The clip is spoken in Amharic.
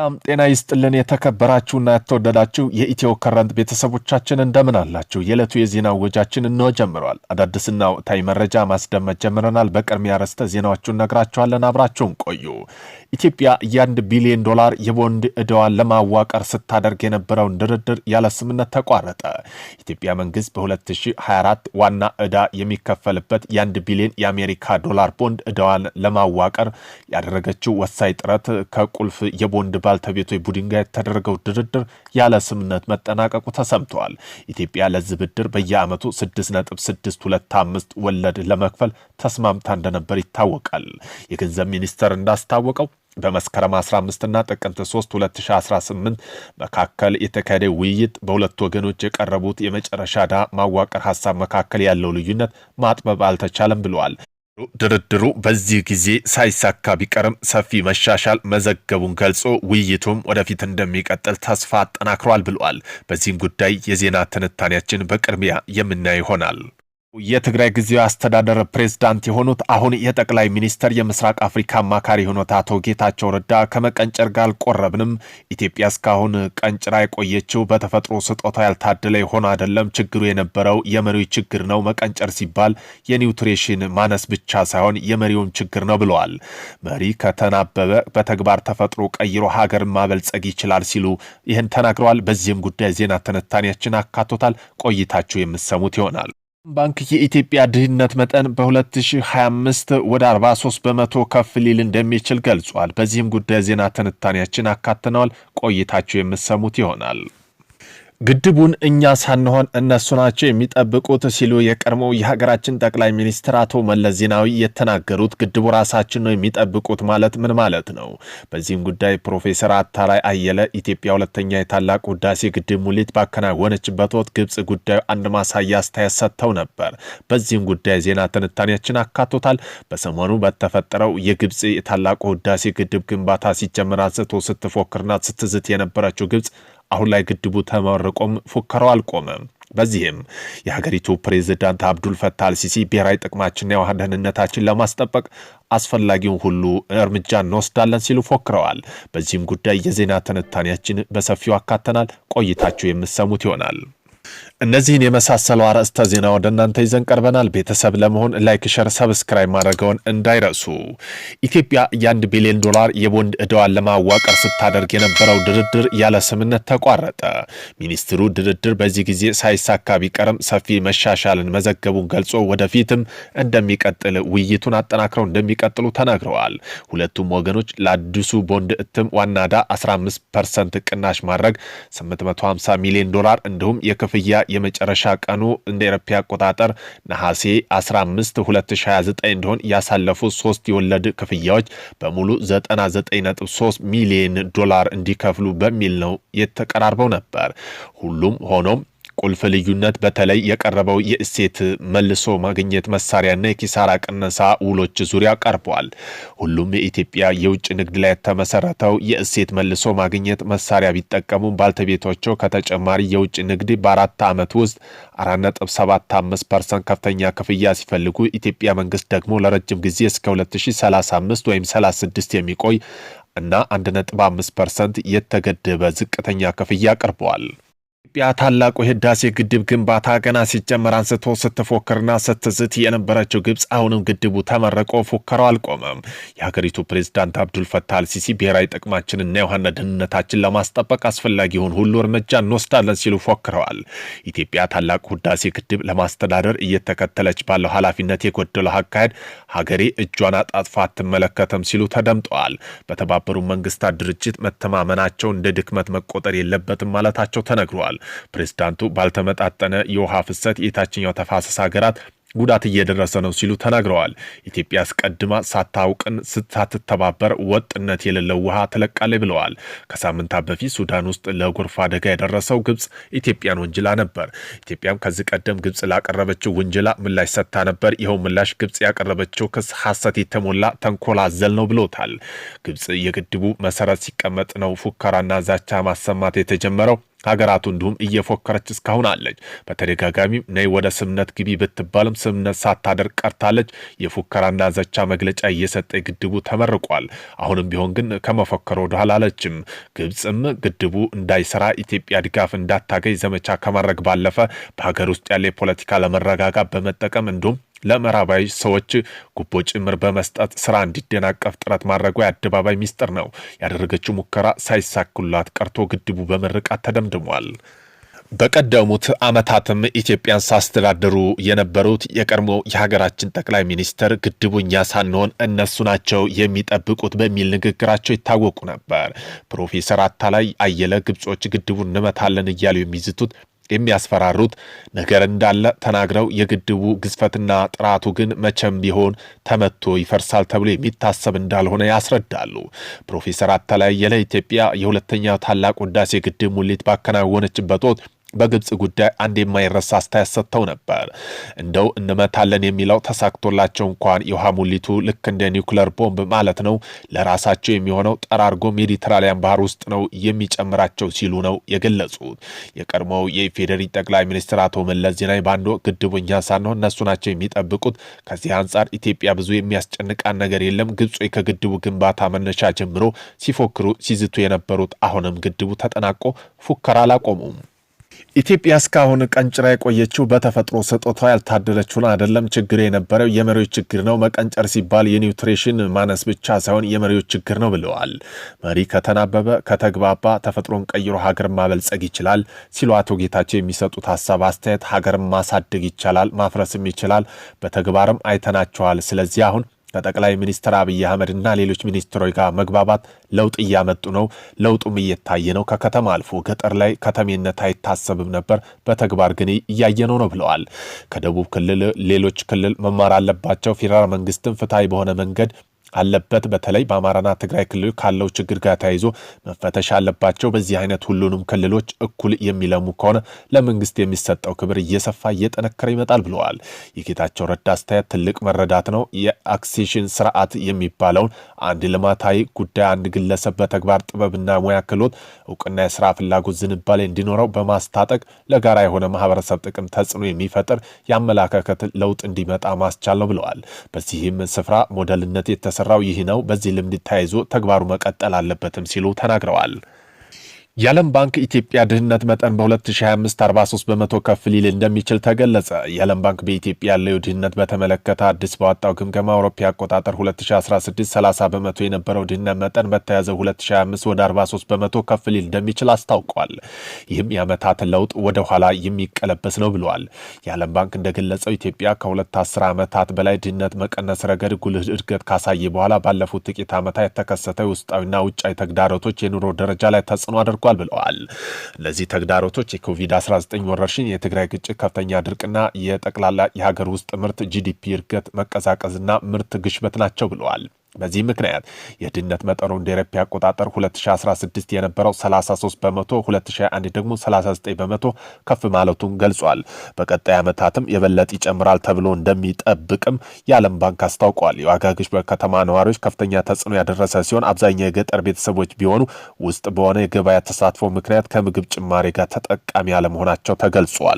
ሰላም ጤና ይስጥልን። የተከበራችሁና የተወደዳችሁ የኢትዮ ከረንት ቤተሰቦቻችን እንደምን አላችሁ? የዕለቱ የዜና ወጃችን እንሆ ጀምረዋል። አዳዲስና ወቅታዊ መረጃ ማስደመጥ ጀምረናል። በቅድሚያ ርዕሰ ዜናዎቹን ነግራችኋለን። አብራችሁን ቆዩ። ኢትዮጵያ የአንድ ቢሊዮን ዶላር የቦንድ እዳዋን ለማዋቀር ስታደርግ የነበረውን ድርድር ያለ ስምነት ተቋረጠ። ኢትዮጵያ መንግስት በ2024 ዋና እዳ የሚከፈልበት የአንድ ቢሊዮን የአሜሪካ ዶላር ቦንድ እዳዋን ለማዋቀር ያደረገችው ወሳኝ ጥረት ከቁልፍ የቦንድ ባልተቤቶች ቡድን ጋር የተደረገው ድርድር ያለ ስምነት መጠናቀቁ ተሰምተዋል። ኢትዮጵያ ለዚህ ብድር በየዓመቱ 6.625 ወለድ ለመክፈል ተስማምታ እንደነበር ይታወቃል። የገንዘብ ሚኒስቴር እንዳስታወቀው በመስከረም 15ና ጥቅምት 3 2018 መካከል የተካሄደ ውይይት በሁለት ወገኖች የቀረቡት የመጨረሻ ዕዳ ማዋቀር ሀሳብ መካከል ያለው ልዩነት ማጥበብ አልተቻለም ብለዋል። ድርድሩ በዚህ ጊዜ ሳይሳካ ቢቀርም ሰፊ መሻሻል መዘገቡን ገልጾ ውይይቱም ወደፊት እንደሚቀጥል ተስፋ አጠናክሯል ብለዋል። በዚህም ጉዳይ የዜና ትንታኔያችን በቅድሚያ የምናይ ይሆናል። የትግራይ ጊዜያዊ አስተዳደር ፕሬዝዳንት የሆኑት አሁን የጠቅላይ ሚኒስተር የምስራቅ አፍሪካ አማካሪ የሆኑት አቶ ጌታቸው ረዳ ከመቀንጨር ጋር አልቆረብንም። ኢትዮጵያ እስካሁን ቀንጭራ የቆየችው በተፈጥሮ ስጦታ ያልታደለ የሆነ አይደለም። ችግሩ የነበረው የመሪው ችግር ነው። መቀንጨር ሲባል የኒውትሪሽን ማነስ ብቻ ሳይሆን የመሪውም ችግር ነው ብለዋል። መሪ ከተናበበ በተግባር ተፈጥሮ ቀይሮ ሀገር ማበልጸግ ይችላል ሲሉ ይህን ተናግረዋል። በዚህም ጉዳይ ዜና ትንታኔያችን አካቶታል። ቆይታችሁ የምትሰሙት ይሆናል። ባንክ የኢትዮጵያ ድህነት መጠን በ2025 ወደ 43 በመቶ ከፍ ሊል እንደሚችል ገልጿል። በዚህም ጉዳይ ዜና ትንታኔያችን አካትነዋል። ቆይታችሁ የምትሰሙት ይሆናል። ግድቡን እኛ ሳንሆን እነሱ ናቸው የሚጠብቁት ሲሉ የቀድሞው የሀገራችን ጠቅላይ ሚኒስትር አቶ መለስ ዜናዊ የተናገሩት ግድቡ ራሳችን ነው የሚጠብቁት ማለት ምን ማለት ነው? በዚህም ጉዳይ ፕሮፌሰር አታላይ አየለ ኢትዮጵያ ሁለተኛ የታላቁ ህዳሴ ግድብ ሙሌት ባከናወነችበት ወቅት ግብፅ ጉዳዩ አንድ ማሳያ አስተያየት ሰጥተው ነበር። በዚህም ጉዳይ ዜና ትንታኔያችን አካቶታል። በሰሞኑ በተፈጠረው የግብፅ የታላቁ ህዳሴ ግድብ ግንባታ ሲጀምር አንስቶ ስትፎክርና ስትዝት የነበረችው ግብፅ አሁን ላይ ግድቡ ተመርቆም ፉከራው አልቆመም። በዚህም የሀገሪቱ ፕሬዝዳንት አብዱል አልሲሲ ብሔራዊ ጥቅማችንና የውሃ ደህንነታችን ለማስጠበቅ አስፈላጊውን ሁሉ እርምጃ እንወስዳለን ሲሉ ፎክረዋል። በዚህም ጉዳይ የዜና ትንታኔያችን በሰፊው አካተናል። ቆይታችሁ የምትሰሙት ይሆናል። እነዚህን የመሳሰሉ አርዕስተ ዜና ወደ እናንተ ይዘን ቀርበናል። ቤተሰብ ለመሆን ላይክ፣ ሸር፣ ሰብስክራይብ ማድረገውን እንዳይረሱ። ኢትዮጵያ የአንድ ቢሊዮን ዶላር የቦንድ ዕዳዋን ለማዋቀር ስታደርግ የነበረው ድርድር ያለ ስምነት ተቋረጠ። ሚኒስትሩ ድርድር በዚህ ጊዜ ሳይሳካ ቢቀርም ሰፊ መሻሻልን መዘገቡን ገልጾ ወደፊትም እንደሚቀጥል ውይይቱን አጠናክረው እንደሚቀጥሉ ተናግረዋል። ሁለቱም ወገኖች ለአዲሱ ቦንድ እትም ዋና ዕዳ 15 ፐርሰንት ቅናሽ ማድረግ 850 ሚሊዮን ዶላር እንዲሁም የክፍ ክፍያ የመጨረሻ ቀኑ እንደ ኤሮፓ አቆጣጠር ነሐሴ 15 2029 እንደሆን ያሳለፉ ሶስት የወለድ ክፍያዎች በሙሉ 99.3 ሚሊዮን ዶላር እንዲከፍሉ በሚል ነው የተቀራርበው ነበር። ሁሉም ሆኖም ቁልፍ ልዩነት በተለይ የቀረበው የእሴት መልሶ ማግኘት መሳሪያና የኪሳራ ቅነሳ ውሎች ዙሪያ ቀርቧል። ሁሉም የኢትዮጵያ የውጭ ንግድ ላይ የተመሰረተው የእሴት መልሶ ማግኘት መሳሪያ ቢጠቀሙም ባልተቤቶቸው ከተጨማሪ የውጭ ንግድ በአራት ዓመት ውስጥ 4.75 ፐርሰንት ከፍተኛ ክፍያ ሲፈልጉ ኢትዮጵያ መንግስት ደግሞ ለረጅም ጊዜ እስከ 2035 ወይም 36 የሚቆይ እና 1.5 ፐርሰንት የተገደበ ዝቅተኛ ክፍያ ቀርበዋል። ኢትዮጵያ ታላቁ የህዳሴ ግድብ ግንባታ ገና ሲጀመር አንስቶ ስትፎክርና ስትዝት የነበረችው ግብፅ አሁንም ግድቡ ተመረቆ ፎከረው አልቆመም። የሀገሪቱ ፕሬዝዳንት አብዱልፈታ አልሲሲ ብሔራዊ ጥቅማችንና የውሃና ደህንነታችን ለማስጠበቅ አስፈላጊ የሆን ሁሉ እርምጃ እንወስዳለን ሲሉ ፎክረዋል። ኢትዮጵያ ታላቁ ህዳሴ ግድብ ለማስተዳደር እየተከተለች ባለው ኃላፊነት የጎደለው አካሄድ ሀገሬ እጇን አጣጥፋ አትመለከተም ሲሉ ተደምጠዋል። በተባበሩት መንግስታት ድርጅት መተማመናቸው እንደ ድክመት መቆጠር የለበትም ማለታቸው ተነግሯል። ፕሬዚዳንቱ ባልተመጣጠነ የውሃ ፍሰት የታችኛው ተፋሰስ ሀገራት ጉዳት እየደረሰ ነው ሲሉ ተናግረዋል። ኢትዮጵያ አስቀድማ ሳታውቅን ሳትተባበር ወጥነት የሌለው ውሃ ትለቃለች ብለዋል። ከሳምንታት በፊት ሱዳን ውስጥ ለጎርፍ አደጋ የደረሰው ግብፅ ኢትዮጵያን ወንጅላ ነበር። ኢትዮጵያም ከዚህ ቀደም ግብፅ ላቀረበችው ውንጀላ ምላሽ ሰጥታ ነበር። ይኸው ምላሽ ግብፅ ያቀረበችው ክስ ሐሰት የተሞላ ተንኮል አዘል ነው ብሎታል። ግብፅ የግድቡ መሰረት ሲቀመጥ ነው ፉከራና ዛቻ ማሰማት የተጀመረው ሀገራቱ እንዲሁም እየፎከረች እስካሁን አለች። በተደጋጋሚ ነይ ወደ ስምነት ግቢ ብትባልም ስምነት ሳታደርግ ቀርታለች። የፉከራና ዘቻ መግለጫ እየሰጠ ግድቡ ተመርቋል። አሁንም ቢሆን ግን ከመፎከር ወደ ኋላ አለችም። ግብፅም ግድቡ እንዳይሰራ ኢትዮጵያ ድጋፍ እንዳታገኝ ዘመቻ ከማድረግ ባለፈ በሀገር ውስጥ ያለ የፖለቲካ ለመረጋጋት በመጠቀም እንዲሁም ለምዕራባዊ ሰዎች ጉቦ ጭምር በመስጠት ስራ እንዲደናቀፍ ጥረት ማድረጉ የአደባባይ ሚስጥር ነው። ያደረገችው ሙከራ ሳይሳኩላት ቀርቶ ግድቡ በመርቃት ተደምድሟል። በቀደሙት ዓመታትም ኢትዮጵያን ሳስተዳድሩ የነበሩት የቀድሞ የሀገራችን ጠቅላይ ሚኒስትር ግድቡ እኛ ሳንሆን እነሱ ናቸው የሚጠብቁት በሚል ንግግራቸው ይታወቁ ነበር። ፕሮፌሰር አታላይ አየለ ግብጾች ግድቡን እንመታለን እያሉ የሚዝቱት የሚያስፈራሩት ነገር እንዳለ ተናግረው የግድቡ ግዝፈትና ጥራቱ ግን መቼም ቢሆን ተመቶ ይፈርሳል ተብሎ የሚታሰብ እንዳልሆነ ያስረዳሉ። ፕሮፌሰር አታላይ የለ ኢትዮጵያ የሁለተኛው ታላቅ ህዳሴ ግድብ ሙሌት ባከናወነችበት ወቅት በግብፅ ጉዳይ አንድ የማይረሳ አስተያየት ሰጥተው ነበር። እንደው እንመታለን የሚለው ተሳክቶላቸው እንኳን የውሃ ሙሊቱ ልክ እንደ ኒውክለር ቦምብ ማለት ነው ለራሳቸው የሚሆነው ጠራርጎ ሜዲትራሊያን ባህር ውስጥ ነው የሚጨምራቸው ሲሉ ነው የገለጹት። የቀድሞው የኢፌዴሪ ጠቅላይ ሚኒስትር አቶ መለስ ዜናዊ ባንዶ ግድቡ እኛ ሳንሆን እነሱ ናቸው የሚጠብቁት። ከዚህ አንጻር ኢትዮጵያ ብዙ የሚያስጨንቃን ነገር የለም። ግብጾ ከግድቡ ግንባታ መነሻ ጀምሮ ሲፎክሩ ሲዝቱ የነበሩት አሁንም ግድቡ ተጠናቆ ፉከራ አላቆሙም። ኢትዮጵያ እስካሁን ቀንጭራ የቆየችው በተፈጥሮ ስጦታ ያልታደለችውን አይደለም። ችግር የነበረው የመሪዎች ችግር ነው። መቀንጨር ሲባል የኒውትሪሽን ማነስ ብቻ ሳይሆን የመሪዎች ችግር ነው ብለዋል። መሪ ከተናበበ፣ ከተግባባ ተፈጥሮን ቀይሮ ሀገር ማበልጸግ ይችላል ሲሉ አቶ ጌታቸው የሚሰጡት ሀሳብ አስተያየት ሀገርን ማሳደግ ይቻላል፣ ማፍረስም ይችላል። በተግባርም አይተናቸዋል። ስለዚህ አሁን ከጠቅላይ ሚኒስትር አብይ አህመድ እና ሌሎች ሚኒስትሮች ጋር መግባባት ለውጥ እያመጡ ነው። ለውጡም እየታየ ነው። ከከተማ አልፎ ገጠር ላይ ከተሜነት አይታሰብም ነበር፣ በተግባር ግን እያየነው ነው ብለዋል። ከደቡብ ክልል ሌሎች ክልል መማር አለባቸው። ፌዴራል መንግስትም ፍትሐዊ በሆነ መንገድ አለበት በተለይ በአማራና ትግራይ ክልሎች ካለው ችግር ጋር ተያይዞ መፈተሽ አለባቸው። በዚህ አይነት ሁሉንም ክልሎች እኩል የሚለሙ ከሆነ ለመንግስት የሚሰጠው ክብር እየሰፋ እየጠነከረ ይመጣል ብለዋል። የጌታቸው ረዳ አስተያየት ትልቅ መረዳት ነው። የአክሴሽን ስርዓት የሚባለውን አንድ ልማታዊ ጉዳይ አንድ ግለሰብ በተግባር ጥበብና ሙያ ክህሎት፣ እውቅና፣ የስራ ፍላጎት ዝንባሌ እንዲኖረው በማስታጠቅ ለጋራ የሆነ ማህበረሰብ ጥቅም ተጽዕኖ የሚፈጥር የአመለካከት ለውጥ እንዲመጣ ማስቻል ነው ብለዋል። በዚህም ስፍራ ሞዴልነት የተ የተሰራው ይህ ነው። በዚህ ልምድ ተያይዞ ተግባሩ መቀጠል አለበትም ሲሉ ተናግረዋል። የዓለም ባንክ ኢትዮጵያ ድህነት መጠን በ2025 43 በመቶ ከፍ ሊል እንደሚችል ተገለጸ። የዓለም ባንክ በኢትዮጵያ ያለው ድህነት በተመለከተ አዲስ ባወጣው ግምገማ አውሮፓ አቆጣጠር 2016 30 በመቶ የነበረው ድህነት መጠን በተያዘው 2025 ወደ 43 በመቶ ከፍ ሊል እንደሚችል አስታውቋል። ይህም የዓመታት ለውጥ ወደ ኋላ የሚቀለበስ ነው ብለዋል። የዓለም ባንክ እንደገለጸው ኢትዮጵያ ከሁለት አስር ዓመታት በላይ ድህነት መቀነስ ረገድ ጉልህ እድገት ካሳየ በኋላ ባለፉት ጥቂት ዓመታት የተከሰተው ውስጣዊና ውጫዊ ተግዳሮቶች የኑሮ ደረጃ ላይ ተጽዕኖ አድርጓል ተከስቷል ብለዋል። እነዚህ ተግዳሮቶች የኮቪድ-19 ወረርሽኝ፣ የትግራይ ግጭት፣ ከፍተኛ ድርቅና የጠቅላላ የሀገር ውስጥ ምርት ጂዲፒ እድገት መቀዛቀዝና ምርት ግሽበት ናቸው ብለዋል። በዚህ ምክንያት የድህነት መጠኑ እንደ ኤሮፓ አቆጣጠር 2016 የነበረው 33 በመቶ 2021 ደግሞ 39 በመቶ ከፍ ማለቱን ገልጿል። በቀጣይ ዓመታትም የበለጥ ይጨምራል ተብሎ እንደሚጠብቅም የዓለም ባንክ አስታውቋል። የዋጋ ግሽበት ከተማ ነዋሪዎች ከፍተኛ ተጽዕኖ ያደረሰ ሲሆን አብዛኛው የገጠር ቤተሰቦች ቢሆኑ ውስጥ በሆነ የገበያ ተሳትፎ ምክንያት ከምግብ ጭማሪ ጋር ተጠቃሚ አለመሆናቸው ተገልጿል።